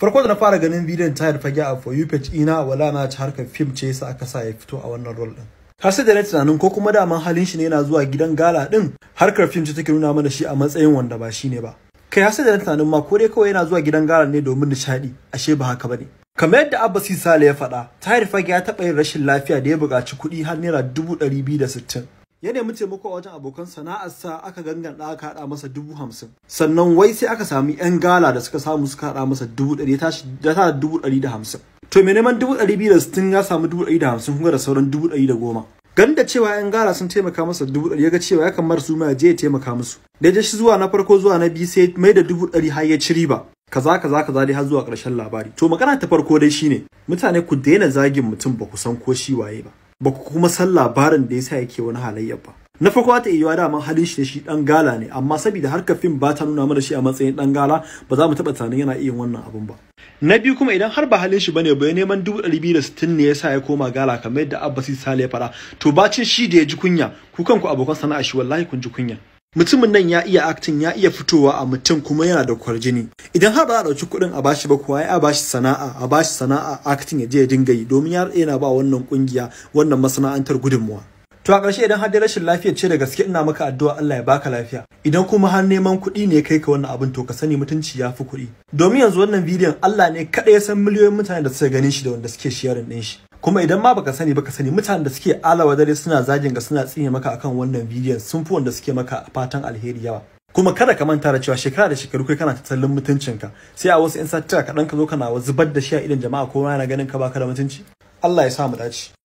farko da na fara ganin bidiyon tayar fage a for you page ina wala na ci harkar fim ce sa aka sa ya fito a wannan rol din sai da na tunanin ko kuma daman halin shi ne yana zuwa gidan gala din harkar fim ce take nuna mana shi a matsayin wanda ba shi ne ba kai sai da na tunanin ma ko dai kawai yana zuwa gidan gala ne domin nishadi ashe ba haka bane kamar yadda abbasi sale ya faɗa tayar fage ya taɓa yin rashin lafiya da ya buƙaci kuɗi har naira dubu ɗari biyu da sittin ya nemi taimako a wajen abokan sana'arsa aka ganganta aka haɗa masa dubu hamsin sannan wai sai aka sami yan gala da suka samu suka haɗa masa dubu ɗari ya tashi da ta dubu ɗari da hamsin to mai neman dubu ɗari biyu da sittin ya samu dubu ɗari da hamsin kuma da sauran dubu ɗari da goma gan da cewa yan gala sun taimaka masa dubu ɗari ya ga cewa ya kamar su ma ya je ya taimaka musu da ya shi zuwa na farko zuwa na biyu sai mai da dubu ɗari har ya ci riba kaza kaza kaza dai har zuwa ƙarshen labari to magana ta farko dai shine mutane ku daina zagin mutum ba ku san ko shi waye ba ba ku kuma san labarin da ya sa yake wani halayya ba na farko ta iya daman halin shi da shi dan gala ne amma saboda harka fim ba ta nuna mana shi a matsayin dan gala ba za mu taba tunanin yana iya wannan abin ba na biyu kuma idan har ba halin shi bane bai neman dubu ɗari biyu da sittin ne yasa ya koma gala kamar yadda abbasi sale ya fara to bacin shi da ya ji kunya ku kanku abokan sana'a shi wallahi kun ji kunya mutumin nan ya iya acting ya iya fitowa a mutum kuma yana da kwarjini idan har ba a dauki kuɗin a bashi ba kuwa ya bashi sana'a a bashi sana'a acting ya je ya dinga yi domin ya yana ba wannan kungiya wannan masana'antar gudunmuwa to a ƙarshe idan har dai rashin lafiya ce da gaske ina maka addu'a Allah ya baka lafiya idan kuma har neman kuɗi ne kai ka wannan abin to ka sani mutunci ya fi kuɗi domin yanzu wannan bidiyon Allah ne kaɗai ya san miliyoyin mutane da suka ganin shi da wanda suke sharing ɗin shi kuma idan ma baka sani baka sani mutanen da suke alawa dare suna zagin ka suna tsine maka akan wannan bidiyon sun fi wanda suke maka fatan alheri yawa kuma kada ka manta da cewa shekara da shekaru kai kana tattalin mutuncinka sai a wasu 'yan satira kaɗan ka zo kana zubar da shi a idan jama'a ko na ganin ka baka da mutunci Allah ya sa mu dace